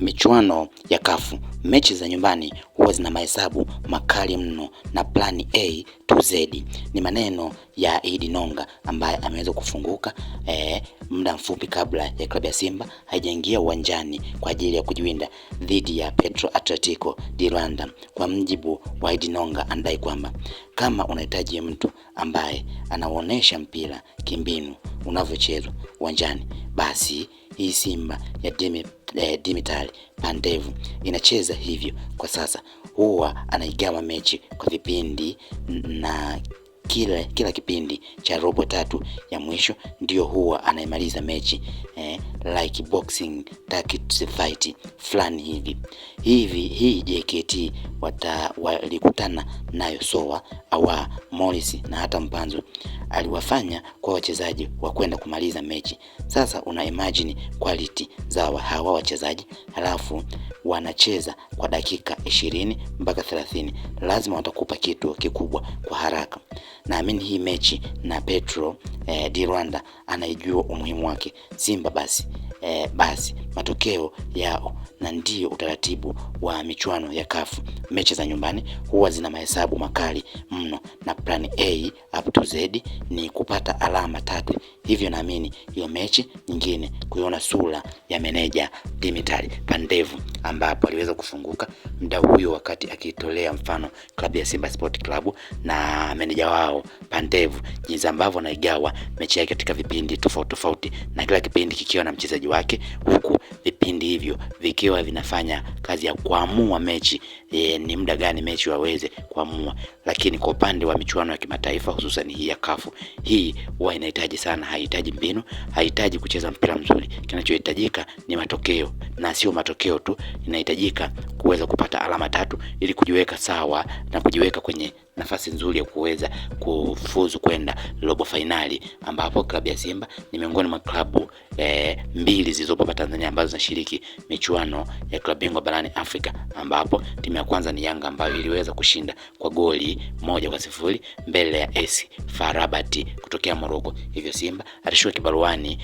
Michuano ya Kafu, mechi za nyumbani huwa zina mahesabu makali mno, na plani A to Z ni maneno ya Idi Nonga ambaye ameweza kufunguka e, muda mfupi kabla ya klabu ya Simba haijaingia uwanjani kwa ajili ya kujiwinda dhidi ya Petro Atletico di Rwanda. Kwa mjibu wa Idi Nonga, anadai kwamba kama unahitaji mtu ambaye anaonesha mpira kimbinu unavyochezwa uwanjani, basi hii Simba ya timu eh, Dimitar Pandev inacheza hivyo kwa sasa, huwa anaigawa mechi kwa vipindi na kila, kila kipindi cha robo tatu ya mwisho ndio huwa anaimaliza mechi eh, like boxing tactics fight fulani hivi hivi. Hii JKT wata walikutana nayo soa awa Morris na hata mpanzo aliwafanya kwa wachezaji wa kwenda kumaliza mechi. Sasa una imagine quality za hawa wachezaji, halafu wanacheza kwa dakika ishirini mpaka thelathini, lazima watakupa kitu kikubwa kwa haraka naamini hii mechi na Petro eh, di Rwanda anaijua umuhimu wake. Simba basi eh, basi matokeo yao na ndio utaratibu wa michuano ya kafu. Mechi za nyumbani huwa zina mahesabu makali mno, na plan A up to Z ni kupata alama tatu, hivyo naamini hiyo mechi nyingine kuiona sura ya meneja Dimitari Pandevu, ambapo aliweza kufunguka mda huyo wakati akitolea mfano klabu ya Simba Sport Club na meneja wao Pandevu jinsi ambavyo anaigawa mechi yake katika vipindi tofauti tofauti, na kila kipindi kikiwa na mchezaji wake, huku vipindi hivyo vikiwa vinafanya kazi ya kuamua mechi e, ni muda gani mechi waweze kuamua. Lakini kwa upande wa michuano ya kimataifa hususan hii ya kafu, hii huwa inahitaji sana, haihitaji mbinu, haihitaji kucheza mpira mzuri. Kinachohitajika ni matokeo, na sio matokeo tu, inahitajika kuweza kupata alama tatu ili kujiweka sawa na kujiweka kwenye nafasi nzuri ya kuweza kufuzu kwenda robo fainali, ambapo klabu ya Simba ni miongoni mwa klabu e, mbili zilizopo hapa Tanzania ambazo zinashiriki michuano ya klabu bingwa barani Afrika, ambapo timu ya kwanza ni Yanga ambayo iliweza kushinda kwa goli moja kwa sifuri mbele ya AS FAR Rabat kutokea Morocco. Hivyo Simba atashuka kibaruani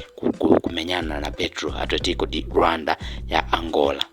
kumenyana na Petro Atletico di Rwanda ya Angola.